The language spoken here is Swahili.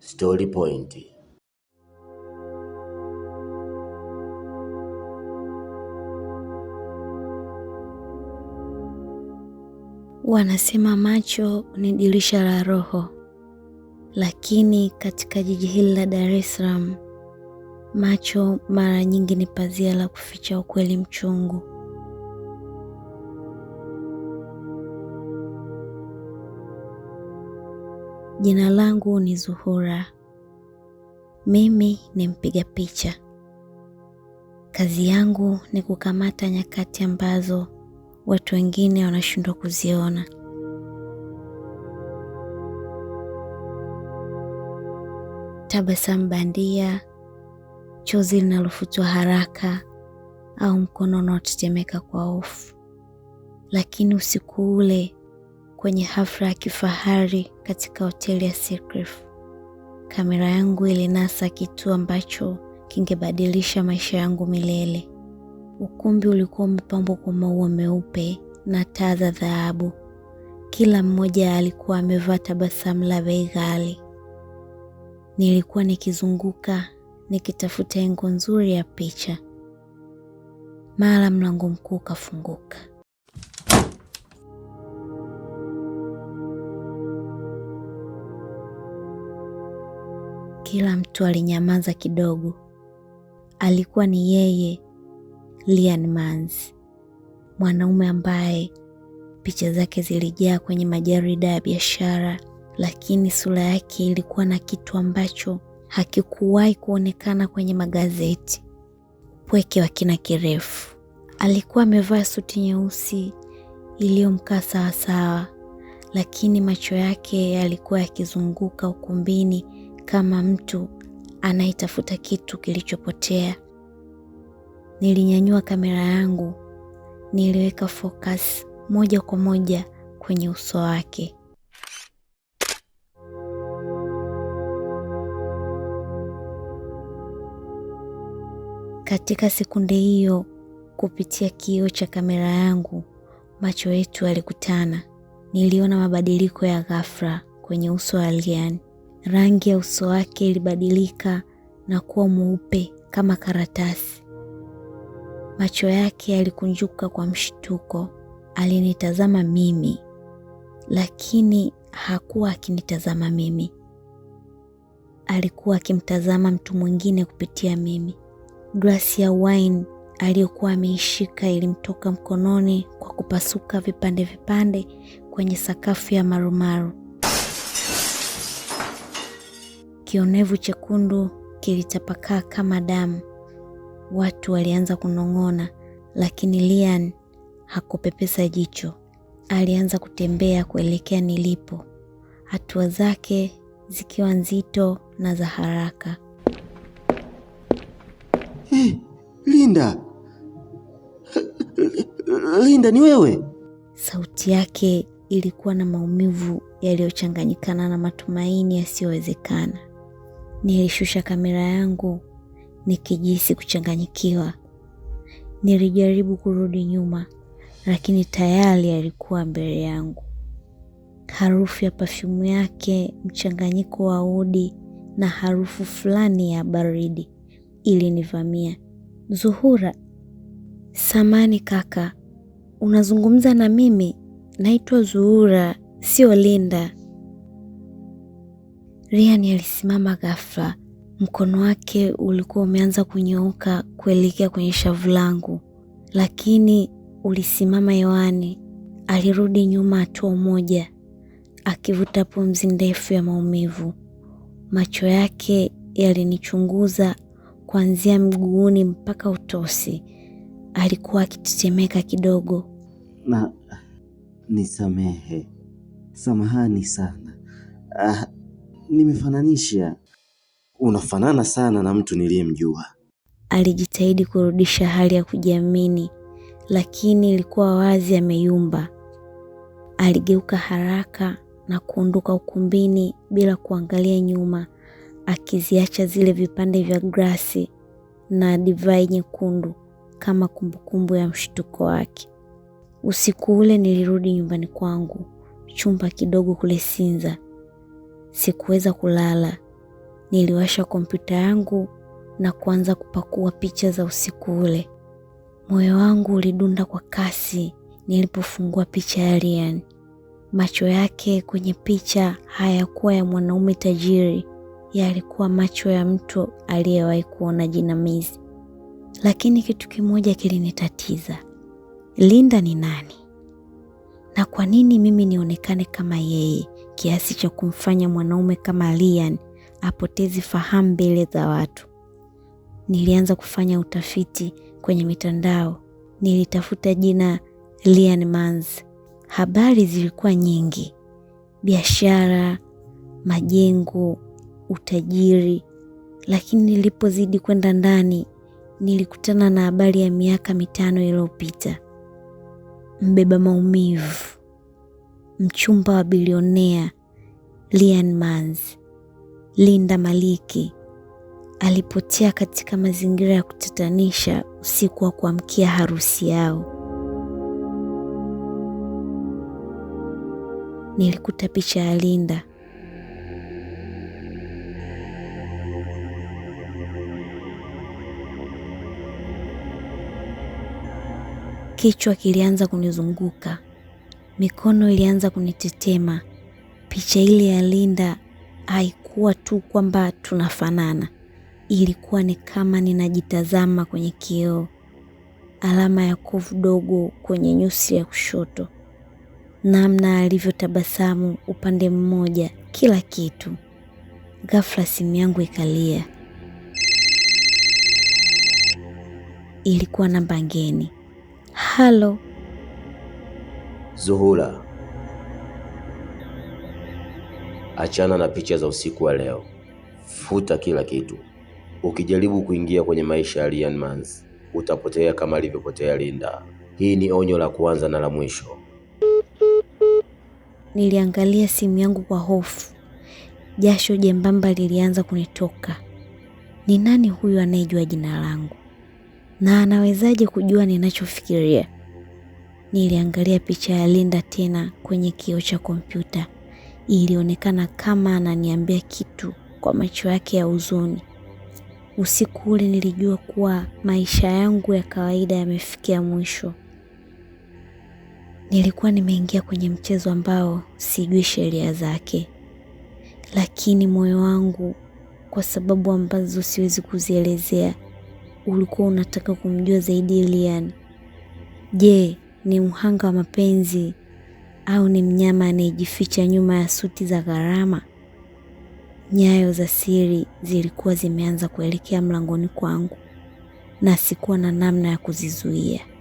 Story Point Wanasema macho ni dirisha la roho, lakini katika jiji hili la Dar es Salaam macho mara nyingi ni pazia la kuficha ukweli mchungu. Jina langu ni Zuhura. Mimi ni mpiga picha. Kazi yangu ni kukamata nyakati ambazo watu wengine wanashindwa kuziona. Tabasamu bandia, chozi linalofutwa haraka au mkono unaotetemeka kwa hofu. Lakini usiku ule kwenye hafla ya kifahari katika hoteli ya Seacliff. Kamera yangu ilinasa kitu ambacho kingebadilisha maisha yangu milele. Ukumbi ulikuwa umepambwa kwa maua meupe na taa za dhahabu. Kila mmoja alikuwa amevaa tabasamu la bei ghali. Nilikuwa nikizunguka nikitafuta engo nzuri ya picha. Mara mlango mkuu ukafunguka. Kila mtu alinyamaza kidogo. Alikuwa ni yeye Lian Mans, mwanaume ambaye picha zake zilijaa kwenye majarida ya biashara, lakini sura yake ilikuwa na kitu ambacho hakikuwahi kuonekana kwenye magazeti: pweke wa kina kirefu. Alikuwa amevaa suti nyeusi iliyomkaa sawasawa, lakini macho yake yalikuwa yakizunguka ukumbini kama mtu anayetafuta kitu kilichopotea. Nilinyanyua kamera yangu, niliweka focus moja kwa moja kwenye uso wake. Katika sekunde hiyo, kupitia kioo cha kamera yangu, macho yetu yalikutana. Niliona mabadiliko ya ghafla kwenye uso wa Ryan. Rangi ya uso wake ilibadilika na kuwa mweupe kama karatasi. Macho yake yalikunjuka kwa mshtuko. Alinitazama mimi, lakini hakuwa akinitazama mimi. Alikuwa akimtazama mtu mwingine kupitia mimi. Glasi ya wine aliyokuwa ameishika ilimtoka mkononi kwa kupasuka vipande vipande kwenye sakafu ya marumaru. Kionevu chekundu kilitapakaa kama damu. Watu walianza kunong'ona, lakini Lian hakupepesa jicho. Alianza kutembea kuelekea nilipo, hatua zake zikiwa nzito na za haraka. Hey, Linda! Linda, ni wewe? Sauti yake ilikuwa na maumivu yaliyochanganyikana na matumaini yasiyowezekana. Nilishusha kamera yangu nikijisi kuchanganyikiwa. Nilijaribu kurudi nyuma, lakini tayari alikuwa mbele yangu. Harufu ya pafyumu yake, mchanganyiko wa udi na harufu fulani ya baridi ilinivamia. Zuhura, samani kaka, unazungumza na mimi? Naitwa Zuhura, sio Linda rian alisimama ghafla, mkono wake ulikuwa umeanza kunyooka kuelekea kwenye shavu langu, lakini ulisimama hewani. Alirudi nyuma hatua moja, akivuta pumzi ndefu ya maumivu. Macho yake yalinichunguza kuanzia mguuni mpaka utosi. Alikuwa akitetemeka kidogo. na nisamehe, samahani sana. Ah, nimefananisha, unafanana sana na mtu niliyemjua. Alijitahidi kurudisha hali ya kujiamini, lakini ilikuwa wazi ameyumba. Aligeuka haraka na kuondoka ukumbini bila kuangalia nyuma, akiziacha zile vipande vya grasi na divai nyekundu kama kumbukumbu ya mshtuko wake. Usiku ule nilirudi nyumbani kwangu, chumba kidogo kule Sinza, Sikuweza kulala, niliwasha kompyuta yangu na kuanza kupakua picha za usiku ule. Moyo wangu ulidunda kwa kasi nilipofungua picha ya Ryan. Macho yake kwenye picha hayakuwa ya mwanaume tajiri, yalikuwa macho ya mtu aliyewahi kuona jinamizi. Lakini kitu kimoja kilinitatiza: Linda ni nani na kwa nini mimi nionekane kama yeye? kiasi cha kumfanya mwanaume kama Lian apoteze fahamu mbele za watu. Nilianza kufanya utafiti kwenye mitandao, nilitafuta jina Lian Mans. Habari zilikuwa nyingi: biashara, majengo, utajiri. Lakini nilipozidi kwenda ndani, nilikutana na habari ya miaka mitano iliyopita, mbeba maumivu mchumba wa bilionea Lian mans Linda Maliki, alipotea katika mazingira ya kutatanisha usiku wa kuamkia harusi yao. Nilikuta picha ya Linda Kichwa kilianza kunizunguka. Mikono ilianza kunitetema. Picha ile ya Linda haikuwa tu kwamba tunafanana, ilikuwa ni kama ninajitazama kwenye kioo, alama ya kovu dogo kwenye nyusi ya kushoto, namna alivyotabasamu upande mmoja, kila kitu. Ghafla simu yangu ikalia. Ilikuwa namba ngeni. Halo. Zuhura, achana na picha za usiku wa leo, futa kila kitu. Ukijaribu kuingia kwenye maisha ya Ryan Mans utapotea kama alivyopotea Linda. Hii ni onyo la kwanza na la mwisho. Niliangalia simu yangu kwa hofu, jasho jembamba lilianza kunitoka. Ni nani huyu anayejua jina langu na anawezaje kujua ninachofikiria? niliangalia picha ya Linda tena kwenye kioo cha kompyuta. Ilionekana kama ananiambia kitu kwa macho yake ya huzuni. Usiku ule nilijua kuwa maisha yangu ya kawaida yamefikia mwisho. Nilikuwa nimeingia kwenye mchezo ambao sijui sheria zake, lakini moyo wangu, kwa sababu ambazo siwezi kuzielezea, ulikuwa unataka kumjua zaidi Lian. Je, ni mhanga wa mapenzi au ni mnyama anayejificha nyuma ya suti za gharama? Nyayo za siri zilikuwa zimeanza kuelekea mlangoni kwangu na sikuwa na namna ya kuzizuia.